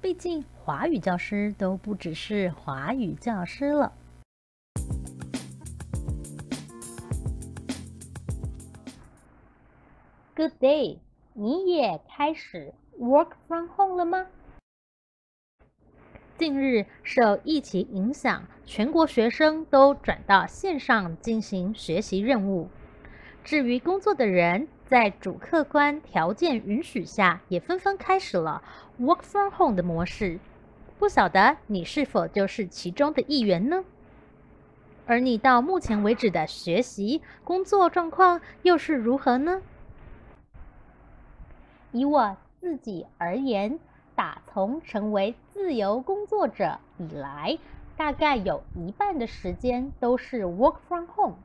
畢竟，華語教師都不只是華語教師了。Good day，你也開始 work from home 了嗎？近日，受疫情影響，全國學生都轉到線上進行學習任務。至於工作的人，在主客觀條件允許下，也紛紛開始了 work from home 的模式。不曉得你是否就是其中的一員呢？而你到目前為止的學習、工作狀況又是如何呢？以我自己而言，打從成為自由工作者以來，大概有一半的時間都是 work from home。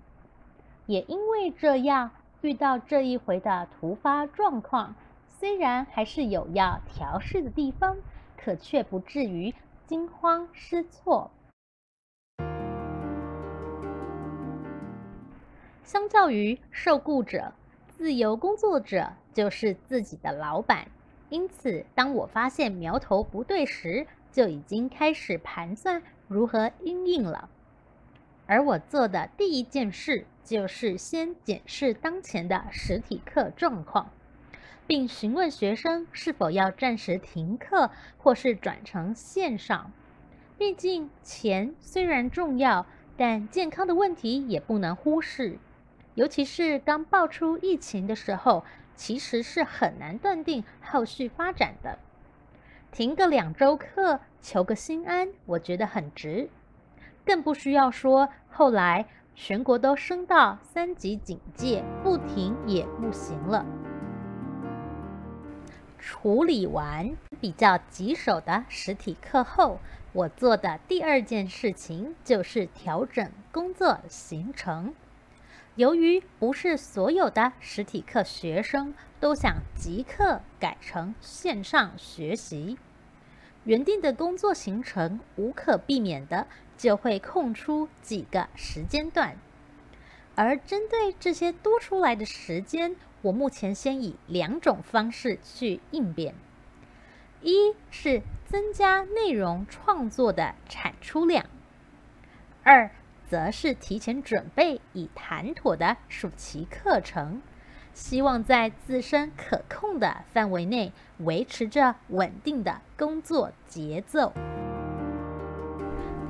也因為這樣，遇到這一回的突發狀況，雖然還是有要調試的地方，可卻不至於驚慌失措。相較於受雇者，自由工作者就是自己的老闆，因此當我發現苗頭不對時，就已經開始盤算如何因應了。而我做的第一件事就是先檢視當前的實體課狀況，並詢問學生是否要暫時停課或是轉成線上。畢竟錢雖然重要，但健康的問題也不能忽視。尤其是剛爆出疫情的時候，其實是很難斷定後續發展的。停個兩週課，求個心安，我覺得很值。更不需要說，後來全國都升到三級警戒，不停也不行了。處理完比較棘手的實體課後，我做的第二件事情就是調整工作行程。由於不是所有的實體課學生都想即刻改成線上學習，原定的工作行程無可避免的。就會空出幾個時間段，而針對這些多出來的時間，我目前先以兩種方式去應變：一是增加內容創作的產出量；二則是提前準備已談妥的暑期課程，希望在自身可控的範圍內維持着穩定的工作節奏。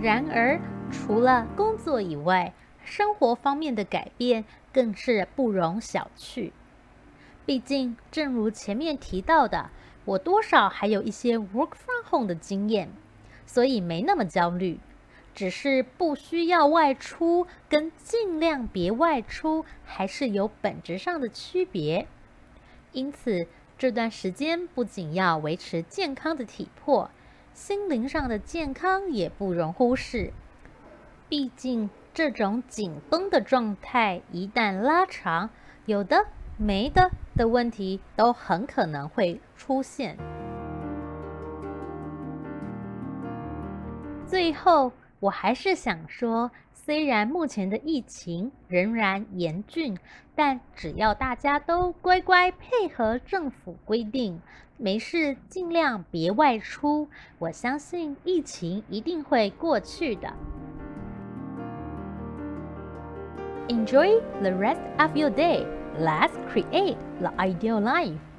然而，除了工作以外，生活方面的改變更是不容小覷。畢竟，正如前面提到的，我多少還有一些 work from home 的經驗，所以沒那麼焦慮。只是不需要外出，跟儘量別外出還是有本質上的區別。因此，這段時間不僅要維持健康的體魄。心靈上的健康也不容忽視，畢竟這種緊繃的狀態一旦拉長，有的沒的的問題都很可能會出現。最後，我還是想說，雖然目前的疫情仍然嚴峻，但只要大家都乖乖配合政府規定，沒事盡量別外出，我相信疫情一定會過去的。Enjoy the rest of your day. Let's create the ideal life.